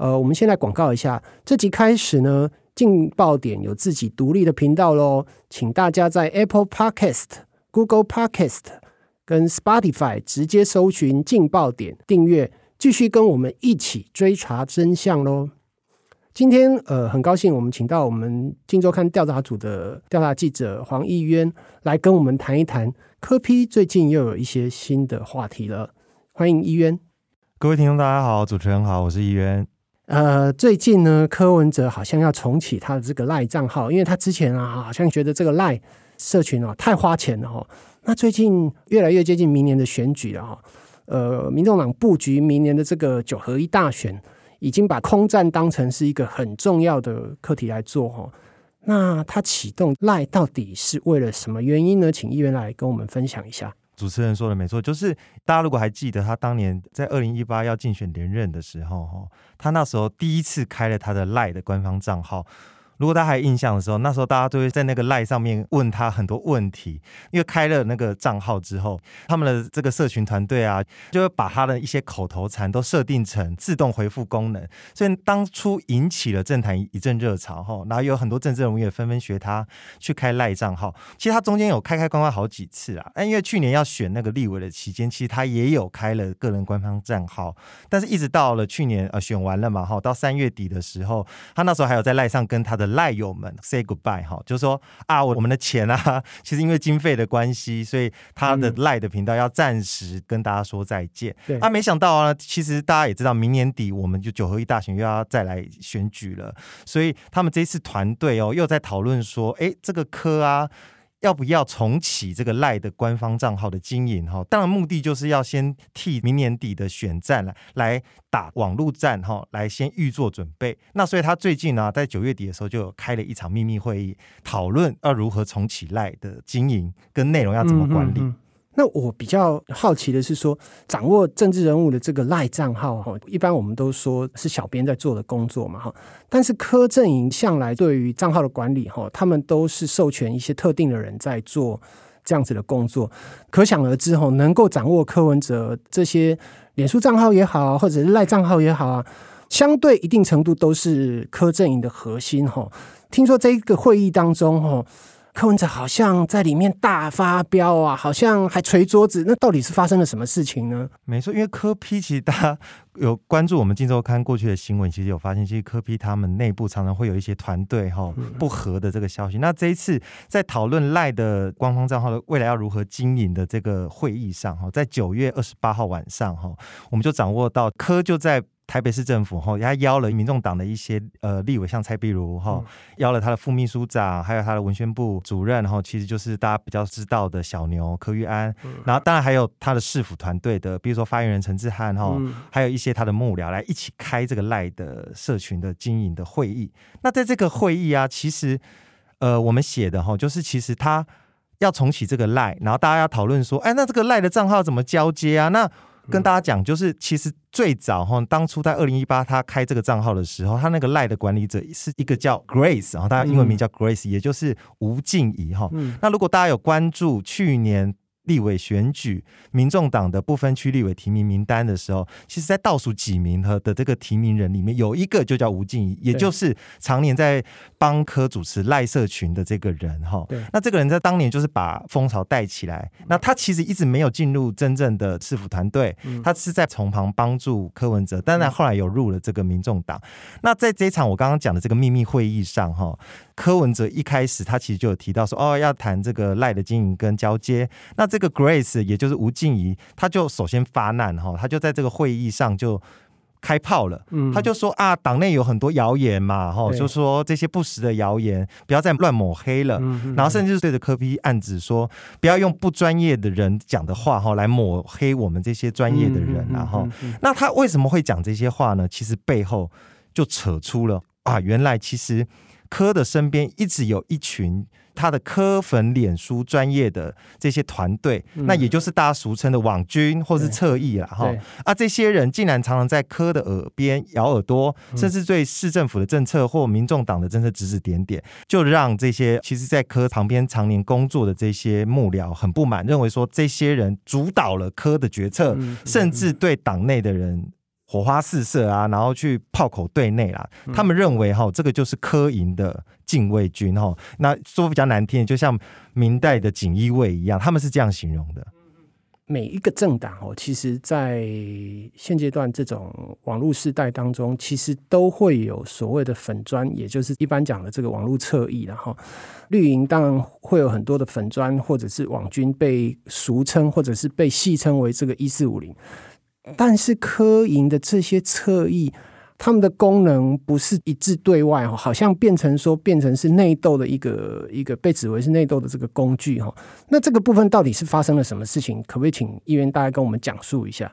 呃，我們先來廣告一下，這集開始呢，鏡爆點有自己獨立的頻道嘍，請大家在 Apple Podcast、Google Podcast 跟 Spotify 直接搜尋鏡爆點訂閱，繼續跟我們一起追查真相嘍。今天呃，很高興我們請到我們鏡週刊調查組的調查記者黃義淵來跟我們談一談柯 P 最近又有一些新的話題了，歡迎義淵。各位聽眾大家好，主持人好，我是義淵。呃，最近呢，柯文哲好像要重啟他的這個賴賬號因為他之前啊，好像覺得這個賴社群哦、啊、太花錢了哦，那最近越來越接近明年的選舉了哈、哦，呃，民眾黨布局明年的這個九合一大選，已經把空戰當成是一個很重要的課題來做哦。那他啟動賴到底是為了什麼原因呢？請議員來跟我們分享一下。主持人說的沒錯，就是大家如果還記得他當年在二零一八要競選連任的時候，哈，他那時候第一次開了他的 LINE 的官方賬號。如果大家還有印象的時候，那時候大家都會在那個賴上面問他很多問題，因為開了那個賬號之後，他們的這個社群團隊啊，就會把他的一些口頭禪都設定成自動回復功能，所以當初引起了政壇一陣熱潮哈。然後有很多政治人物也紛紛學他去開賴賬號。其實他中間有開開關關好幾次啊，因為去年要選那個立委的期間，其實他也有開了個人官方賬號，但是一直到了去年呃選完了嘛哈，到三月底的時候，他那時候還有在賴上跟他的。賴友們，say goodbye 哈、哦，就是說啊我，我們的錢啊，其實因為經費的關係，所以他的賴的頻道要暫時跟大家說再見。嗯、對啊，沒想到啊，其實大家也知道，明年底我們就九合一大選又要再來選舉了，所以他們這次團隊哦又在討論說，哎，這個柯啊。要不要重啟這個賴的官方賬號的經營哈？當然目的就是要先替明年底的選戰來來打網路戰哈，來先預做準備。那所以他最近呢、啊，在九月底的時候就開了一場秘密會議，討論要如何重啟賴的經營跟內容要怎麼管理。嗯嗯嗯那我比較好奇的是說，掌握政治人物的這個 LINE 帳號，哈，一般我們都說是小編在做的工作嘛哈。但是柯陣營向來對於賬號的管理哈，他們都是授權一些特定的人在做這樣子的工作。可想而知哈，能夠掌握柯文哲這些臉書賬號也好，或者是 LINE 帳號也好啊，相對一定程度都是柯陣營的核心哈。聽說這個會議當中哈。柯文哲好像在裡面大發飆啊，好像還捶桌子。那到底是發生了什麼事情呢？沒錯，因為柯 P 其實大家有關注我們《鏡週刊》過去的新聞，其實有發現，其實柯 P 他們內部常常會有一些團隊哈不和的這個消息。嗯、那這一次在討論 LINE 的官方賬號的未來要如何經營的這個會議上哈，在九月二十八號晚上哈，我們就掌握到柯就在。台北市政府哈，他邀了民眾黨的一些呃立委，像蔡壁如哈，邀了他的副秘書長，還有他的文宣部主任，然後其實就是大家比較知道的小牛柯玉安，然後當然還有他的市府團隊的，比如說發言人陳志漢哈，還有一些他的幕僚來一起開這個賴的社群的經營的會議。那在這個會議啊，其實呃我們寫的哈，就是其實他要重啟這個賴，然後大家要討論說，哎、欸，那這個賴的賬號怎麼交接啊？那跟大家講，就是其實最早哈，當初在二零一八他開這個賬號的時候，他那個賴的管理者是一個叫 Grace，然後他英文名叫 Grace，、嗯、也就是吳靜怡哈。嗯、那如果大家有關注去年，立委選舉，民眾黨的不分區立委提名名單的時候，其實在倒數幾名和的這個提名人裡面，有一個就叫吳靜怡，也就是常年在幫柯主持賴社群的這個人哈。對那這個人，在當年就是把風潮帶起來。那他其實一直沒有進入真正的市府團隊，他是在從旁幫助柯文哲。當然，後來有入了這個民眾黨。那在這場我剛剛講的這個秘密會議上哈。柯文哲一開始，他其實就有提到說：“哦，要談這個賴的經營跟交接。”那這個 Grace，也就是吳靜怡，他就首先發難哈，他就在這個會議上就開炮了。嗯，他就說：“啊，黨內有很多謠言嘛，哈，就是、說這些不實的謠言，不要再亂抹黑了。對”然後甚至就是對着柯 P 暗指說：“不要用不專業的人講的話哈，來抹黑我們這些專業的人、啊。嗯嗯嗯嗯嗯”然後，那他為什麼會講這些話呢？其實背後就扯出了啊，原來其實。柯的身邊一直有一群他的柯粉，臉書專業的這些團隊，嗯、那也就是大家俗稱的網軍或是側翼了哈。啊，這些人竟然，常常在柯的耳邊咬耳朵，甚至對市政府的政策或民眾黨的政策指指點點，嗯、就讓這些其實在柯旁邊常年工作的這些幕僚很不滿，認為說這些人主導了柯的決策，嗯、甚至對黨內的人，火花四射啊，然後去炮口對內啦。他們認為哈、哦，嗯、這個就是柯營的禁衛軍哈、哦。那說比較難聽，就像明代的錦衣衛一樣，他們是這樣形容的。每一個政黨哦，其實在現階段這種網絡世代當中，其實都會有所謂的粉專，也就是一般講的這個網絡側翼。然後綠營當然會有很多的粉專，或者是網軍被俗稱，或者是被戲稱為這個一四五零。但是柯營的這些側翼，他們的功能不是一致對外，好像變成說變成是內鬥的一個，一個被指為是內鬥的這個工具。那這個部分到底是發生了什麼事情？可不可以請議員大概跟我們講述一下？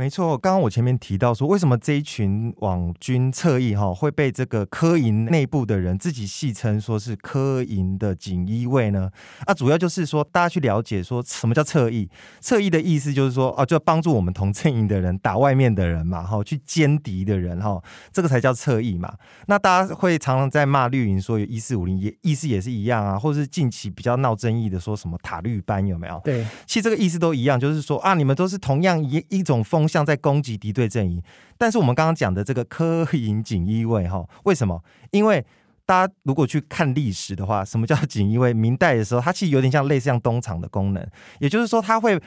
沒錯，剛剛我前面提到說，為什麼這一群網軍側翼哈會被這個柯營內部的人自己戲稱說是柯營的錦衣衛呢？啊，主要就是說大家去了解說什麼叫側翼，側翼的意思就是說哦、啊，就幫助我們同陣營的人打外面的人嘛，哈，去殲敵的人哈，這個才叫側翼嘛。那大家會常常在罵綠營說有一四五零也意思也是一樣啊，或者是近期比較鬧爭議的說什麼塔綠班有沒有？對，其實這個意思都一樣，就是說啊，你們都是同樣一一種風。像在攻擊敵對陣營，但是我們剛剛講的這個柯營錦衣衛，哈，為什麼？因為大家如果去看歷史的話，什麼叫錦衣衛？明代的時候，它其實有點像類似像東廠的功能，也就是說，它會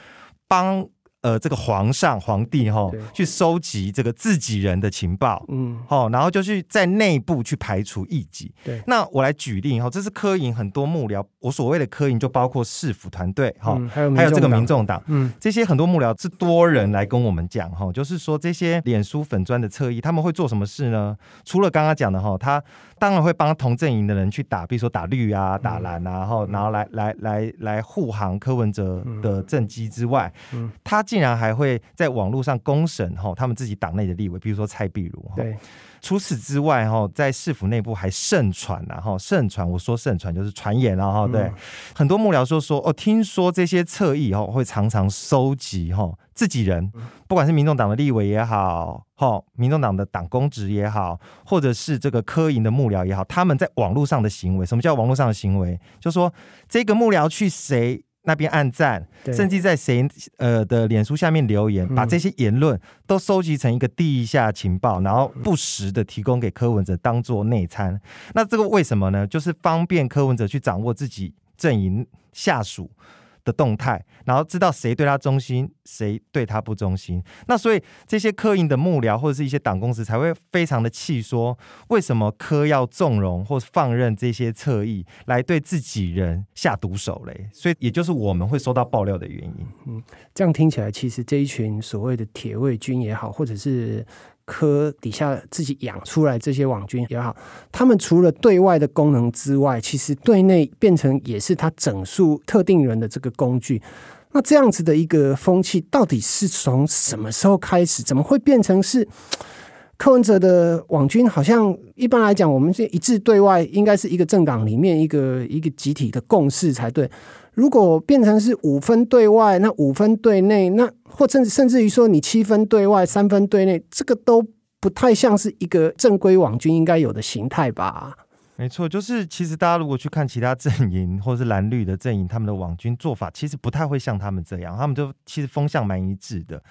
幫。呃，這個皇上、皇帝哈，去收集這個自己人的情報，嗯對，好，然後就去在內部去排除異己。對，那我來舉例哈，這是柯營很多幕僚，我所謂的柯營就包括市府團隊哈，嗯、還有還有這個民眾黨，嗯，這些很多幕僚是多人來跟我們講哈，就是說這些臉書粉專的側翼，他們會做什麼事呢？除了剛剛講的哈，他。當然會幫同陣營的人去打，比如說打綠啊，打藍啊，然後、嗯、然後來來來來護航柯文哲的政績之外，嗯嗯、他竟然還會在網絡上公審哈他們自己黨內的立委，比如說蔡壁如。對、哦，除此之外哈，在市府內部還盛傳吶、啊、哈，盛傳我說盛傳就是傳言啊哈。對，嗯、很多幕僚說說哦，聽說這些側翼哈會常常收集哈。自己人，不管是民眾黨的立委也好，齁，民眾黨的黨公職也好，或者是這個柯營的幕僚也好，他們在網絡上的行為，什麼叫網絡上的行為？就說這個幕僚去誰那邊按讚，對甚至在誰呃的臉書下面留言，嗯、把這些言論都收集成一個地下情報，然後不時的提供給柯文哲當做內參。那這個為什麼呢？就是方便柯文哲去掌握自己陣營下屬。的動態，然後知道誰對他忠心，誰對他不忠心。那所以這些柯營的幕僚或者是一些黨工時才會非常的氣，說為什麼柯要縱容或放任這些側翼來對自己人下毒手嘞？所以也就是我們會收到爆料的原因。嗯，這樣聽起來，其實這一群所謂的鐵衛軍也好，或者是柯底下自己養出來這些網軍也好，他們除了對外的功能之外，其實對內變成也是他整肅特定人的這個工具。那這樣子的一個風氣，到底是從什麼時候開始？怎麼會變成是柯文哲的網軍？好像一般來講，我們是一致對外，應該是一個政黨裡面一個一個集體的共識才對。如果變成是五分對外，那五分對內，那或甚至甚至於說你七分對外，三分對內，這個都不太像是一個正規網軍應該有的形態吧。沒錯，就是其實大家如果去看其他陣營或者是藍綠的陣營，他們的網軍做法其實不太會像他們這樣，他們就其實風向蠻一致的。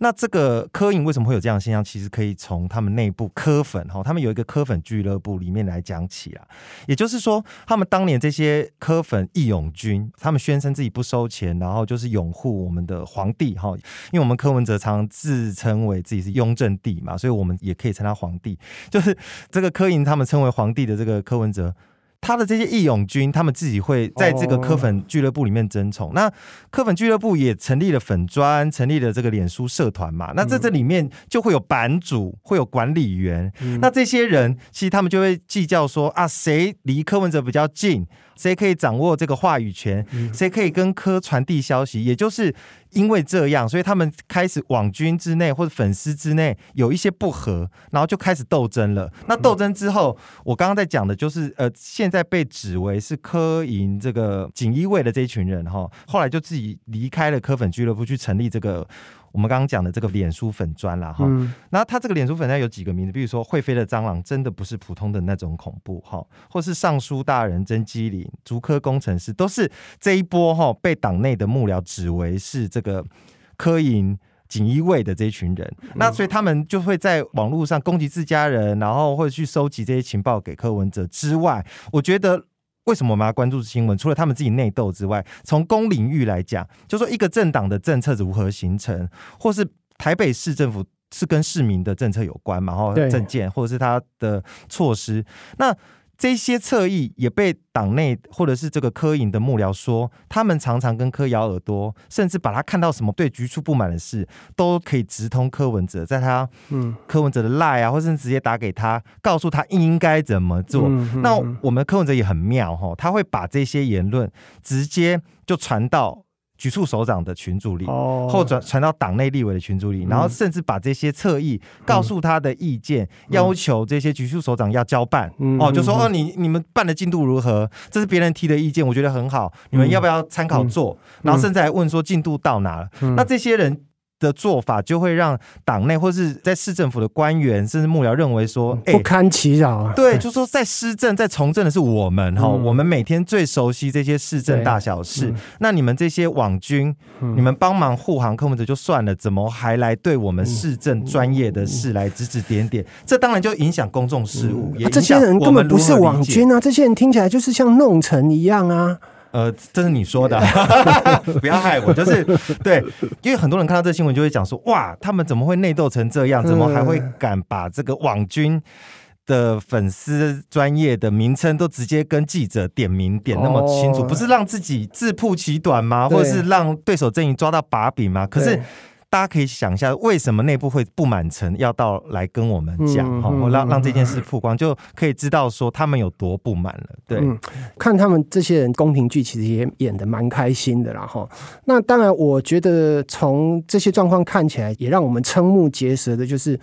那這個柯營為什麼會有這樣的現象？其實可以從他們內部柯粉哈，他們有一個柯粉俱樂部裡面來講起啊。也就是說，他們當年這些柯粉義勇軍，他們宣稱自己不收錢，然後就是擁護我們的皇帝哈，因為我們柯文哲常常自稱為自己是雍正帝嘛，所以我們也可以稱他皇帝。就是這個柯營他們稱為皇帝的這個柯。柯文哲，他的這些義勇軍，他們自己會在這個柯粉俱樂部裡面爭寵。Oh. 那柯粉俱樂部也成立了粉專，成立了這個臉書社團嘛。Mm. 那在這裡面就會有版主，會有管理員。Mm. 那這些人其實他們就會計較說啊，誰離柯文哲比較近。誰可以掌握這個話語權？誰可以跟柯傳遞消息？也就是因為這樣，所以他們開始網軍之內或者粉絲之內有一些不和，然後就開始鬥爭了。那鬥爭之後，我剛剛在講的就是，呃，現在被指為是柯營這個錦衣衛的這一群人哈，後來就自己離開了柯粉俱樂部，去成立這個。我們剛剛講的這個臉書粉專啦哈，嗯、那他這個臉書粉專有幾個名字，比如說會飛的蟑螂真的不是普通的那種恐怖哈，或是尚書大人真機靈、竹科工程師，都是這一波哈，被黨內的幕僚指為是這個柯營錦衣衛的這群人，嗯、那所以他們就會在網絡上攻擊自家人，然後會去收集這些情報給柯文哲之外，我覺得。為什麼我們要關注新聞？除了他們自己內鬥之外，從公領域來講，就是、說一個政黨的政策如何形成，或是台北市政府是跟市民的政策有關嘛？然後政見或者是他的措施，對那。這些側翼也被黨內或者是這個柯營的幕僚說，他們常常跟柯咬耳朵，甚至把他看到什麼對局處不滿的事，都可以直通柯文哲，在他，嗯，柯文哲的賴啊，或是直接打給他，告訴他應該怎麼做。嗯、哼哼，那我們柯文哲也很妙哈、哦，他會把這些言論直接就傳到。局處首長的群組裡，哦，oh. 後轉傳到黨內立委的群組裡，嗯、然後甚至把這些側翼告訴他的意見，嗯、要求這些局處首長要交辦。嗯、哦，就說哦，你你們辦的進度如何？這是別人提的意見，我覺得很好，你們要不要參考做？嗯、然後甚至還問說進度到哪了？嗯、那這些人。的做法就會讓黨內或是在市政府的官員甚至幕僚認為說、欸、不堪其擾。對，就說在施政在從政的是我們哈、嗯，我們每天最熟悉這些市政大小事。嗯、那你們這些網軍，嗯、你們幫忙護航、客們就算了，怎麼還來對我們市政專業的事來指指點點？嗯嗯、這當然就影響公眾事務、嗯啊。這些人根本不是網軍啊，這些人聽起來就是像弄臣一樣啊。呃，這是你說的， 不要害我。就是對，因為很多人看到這新聞就會講說，哇，他們怎麼會內鬥成這樣？怎麼還會敢把這個網軍的粉絲專頁的名稱都直接跟記者點名點那麼清楚？哦、不是讓自己自曝其短嗎？對或者是讓對手陣營抓到把柄嗎？可是。大家可以想一下，為什麼內部會不滿，層要到來跟我們講哈，嗯嗯嗯嗯、讓讓這件事曝光，就可以知道說他們有多不滿了。對、嗯，看他們這些人宮廷劇，其實也演得蠻開心的啦哈。那當然，我覺得從這些狀況看起來，也讓我們瞠目結舌的，就是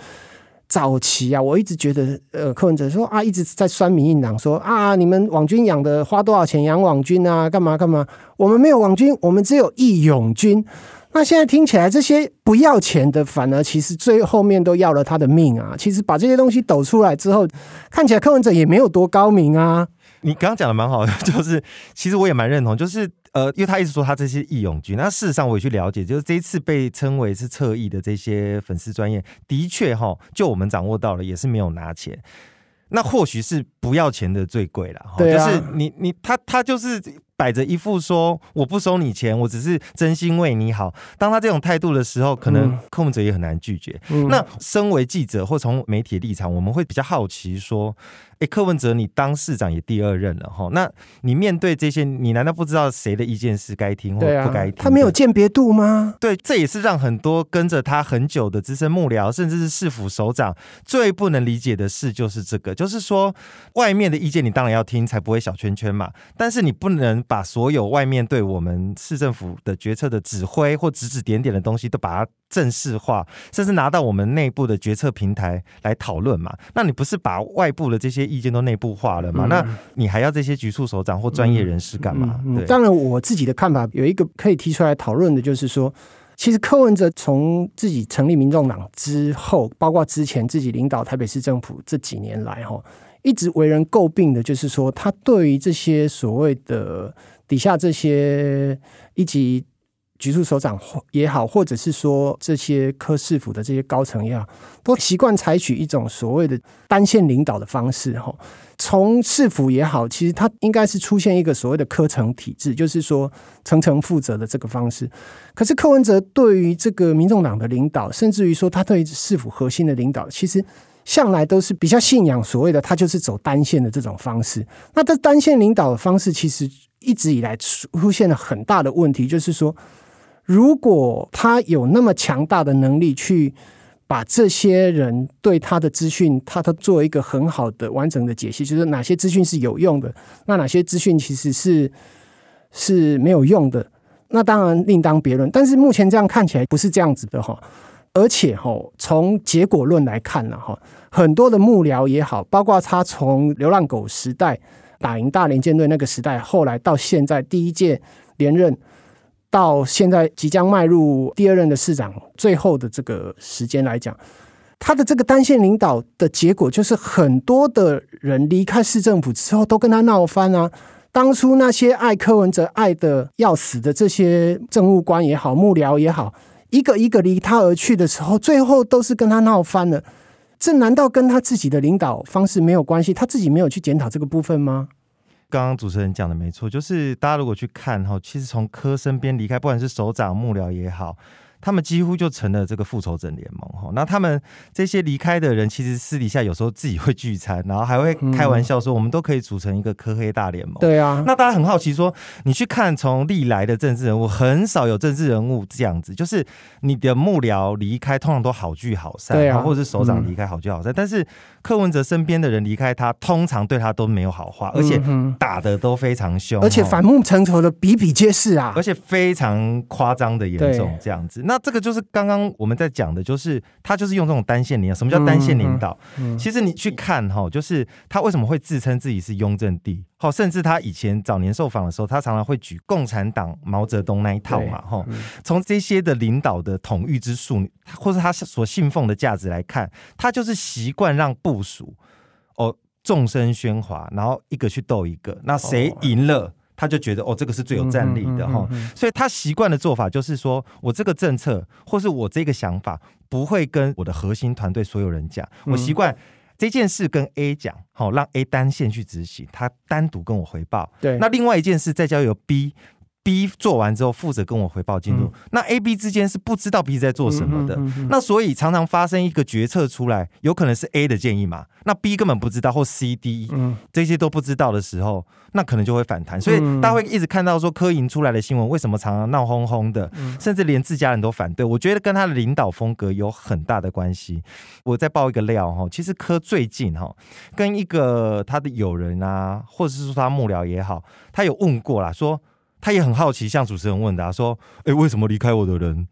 早期啊，我一直覺得，呃，柯文哲說啊，一直在酸民進黨說啊，你們網軍養的花多少錢養網軍啊，幹嘛幹嘛？我們沒有網軍，我們只有義勇軍。那現在聽起來，這些不要錢的反而其實最後面都要了他的命啊！其實把這些東西抖出來之後，看起來柯文哲也沒有多高明啊。你剛剛講的蠻好的，就是其實我也蠻認同，就是呃，因為他一直說他這些義勇軍，那事實上我也去了解，就是這一次被稱為是側翼的這些粉絲專頁，的確哈，就我們掌握到了也是沒有拿錢，那或許是不要錢的最貴了，對、啊、就是你你他他就是。擺着一副說我不收你錢，我只是真心為你好。當他這種態度的時候，可能柯 P 也很難拒絕。嗯、那身為記者或從媒體立場，我們會比較好奇說，哎，柯文哲，你當市長也第二任了哈，那你面對這些，你難道不知道誰的意見是該聽或不該聽、啊？他沒有鑑別度嗎？對，這也是讓很多跟着他很久的資深幕僚，甚至是市府首長最不能理解的事，就是這個。就是說，外面的意見你當然要聽，才不會小圈圈嘛。但是你不能把所有外面對我們市政府的決策的指揮或指指點點的東西都把它。正式化，甚至拿到我們內部的決策平台來討論嘛？那你不是把外部的這些意見都內部化了嗎？嗯、那你還要這些局處首長或專業人士幹嘛？對，當然，我自己的看法有一個可以提出來討論的，就是說，其實柯文哲從自己成立民眾黨之後，包括之前自己領導臺北市政府這幾年來，哈，一直為人詬病的，就是說，他對於這些所謂的底下這些一級。局處首長也好，或者是說這些柯市府的這些高層也好，都習慣採取一種所謂的單線領導的方式。吼，從市府也好，其實他應該是出現一個所謂的科層體制，就是說層層負責的這個方式。可是柯文哲對於這個民眾黨的領導，甚至於說他對市府核心的領導，其實向來都是比較信仰所謂的他就是走單線的這種方式。那這單線領導的方式，其實一直以來出現了很大的問題，就是說。如果他有那麼強大的能力去把這些人對他的資訊，他都做一個很好的完整的解析，就是哪些資訊是有用的，那哪些資訊其實是是沒有用的，那當然另當別論。但是目前這樣看起來不是這樣子的哈、哦，而且哈、哦，從結果論來看了、啊、哈，很多的幕僚也好，包括他從流浪狗時代打贏大連艦隊那個時代，後來到現在第一屆連任。到現在即將邁入第二任的市長最後的這個時間來講，他的這個單線領導的結果，就是很多的人離開市政府之後都跟他鬧翻啊。當初那些愛柯文哲愛的要死的這些政務官也好、幕僚也好，一個一個離他而去的時候，最後都是跟他鬧翻了。這難道跟他自己的領導方式沒有關係？他自己沒有去檢討這個部分嗎？剛剛主持人講的沒錯，就是大家如果去看哈，其實從柯身邊離開，不管是首長、幕僚也好。他們幾乎就成了這個復仇者聯盟哈。那他們這些離開的人，其實私底下有時候自己會聚餐，然後還會開玩笑說，我們都可以組成一個柯黑大聯盟。嗯、對啊。那大家很好奇說，你去看從歷來的政治人物，很少有政治人物這樣子，就是你的幕僚離開通常都好聚好散，對啊，然後或者是首長離開好聚好散。嗯、但是柯文哲身邊的人離開他，通常對他都沒有好話，而且打得都非常兇，而且反目成仇的比比皆是啊，而且非常誇張的嚴重這樣子。那那這個就是剛剛我們在講的，就是他就是用這種單線領導。什麼叫單線領導？嗯嗯、其實你去看哈、哦，就是他為什麼會自稱自己是雍正帝？好、哦，甚至他以前早年受訪的時候，他常常會舉共產黨毛澤東那一套嘛。嗯、從這些的領導的統御之術，或者他所信奉的價值來看，他就是習慣讓部屬哦，眾聲喧嘩，然後一個去鬥一個，那誰贏了？哦嗯他就覺得哦，這個是最有戰力的哈，所以他習慣的做法就是說，我這個政策或是我這個想法不會跟我的核心團隊所有人講，嗯、我習慣這件事跟 A 講，好、哦、讓 A 單線去執行，他單獨跟我回報。對，那另外一件事再交由 B。B 做完之後負責跟我回報進度，嗯、那 A、B 之間是不知道 B 在做什麼的，嗯嗯嗯、那所以常常發生一個決策出來，有可能是 A 的建議嘛，那 B 根本不知道或 C、嗯、D 這些都不知道的時候，那可能就會反彈，所以大家會一直看到說柯營出來的新聞為什麼常常鬧哄哄的，嗯、甚至連自家人都反對，我覺得跟他的領導風格有很大的關係。我再爆一個料哈，其實柯最近哈跟一個他的友人啊，或者是說他幕僚也好，他有問過啦，說。他也很好奇，向主持人問答、啊、說：“哎、欸，為什麼離開我的人，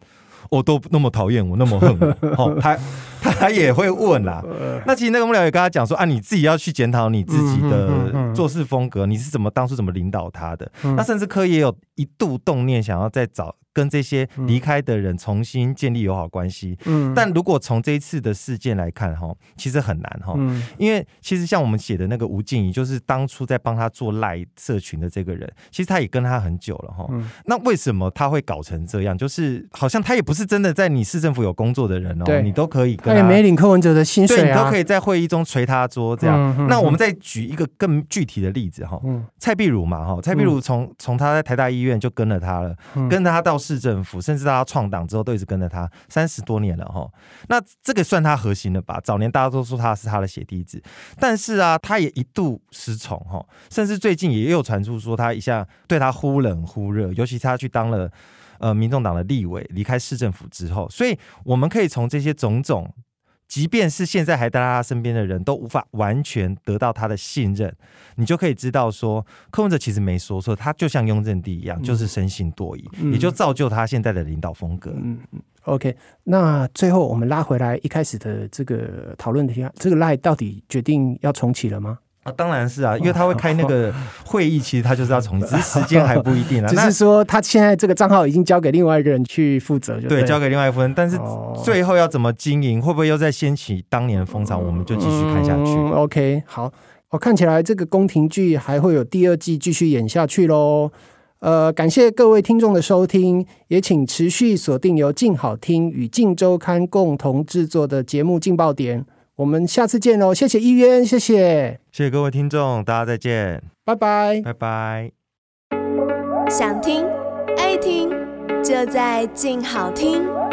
我都那麼討厭，我那麼恨我、啊？” 哦，他他也會問啦。那其實那個幕僚也跟他講說：“啊，你自己要去檢討你自己的做事風格，嗯、哼哼你是怎麼當初怎麼領導他的？”嗯、那甚至柯也有一度動念，想要再找。跟這些離開的人重新建立友好關係，嗯，但如果從這一次的事件來看，哈，其實很難，哈，嗯，因為其實像我們寫的那個吳靜怡，就是當初在幫他做 LINE 社群的這個人，其實他也跟他很久了，哈、嗯，那為什麼他會搞成這樣？就是好像他也不是真的在你市政府有工作的人哦、喔，對你都可以跟他，他也沒領柯文哲的薪水、啊，對，你都可以在會議中捶他桌這樣。嗯嗯、那我們再舉一個更具體的例子，哈、嗯，蔡壁如嘛，哈、嗯，蔡壁如從從他在台大醫院就跟了他了，嗯、跟了他到。市政府，甚至大家創黨之後都一直跟着他三十多年了哈，那這個算他核心了吧？早年大家都說他是他的血滴子，但是啊，他也一度失寵哈，甚至最近也有傳出說他一下對他忽冷忽熱，尤其他去當了呃民眾黨的立委，離開市政府之後，所以我們可以從這些種種。即便是現在還待在他身邊的人都無法完全得到他的信任，你就可以知道說，柯文哲其實沒說錯，他就像雍正帝一樣，嗯、就是生性多疑，嗯、也就造就他現在的領導風格。嗯嗯，OK，那最後我們拉回來一開始的這個討論的題啊，這個賴到底決定要重啟了嗎？啊，當然是啊，因為他會開那個會議， 其實他就是要重置，只是時間還不一定啊。只是說他現在這個賬號已經交給另外一個人去負責。對，對，交給另外一個人，但是最後要怎麼經營，會不會又再掀起當年的風潮，嗯、我們就繼續看下去、嗯。OK，好，我看起來這個宮廷劇還會有第二季繼續演下去嘍。呃，感謝各位聽眾的收聽，也請持續鎖定由鏡好聽與鏡週刊共同制作的節目《鏡爆點》。我們下次見哦，謝謝一淵，謝謝，謝謝各位聽眾，大家再見，拜拜 bye，拜拜 bye。想聽愛聽，就在鏡好聽。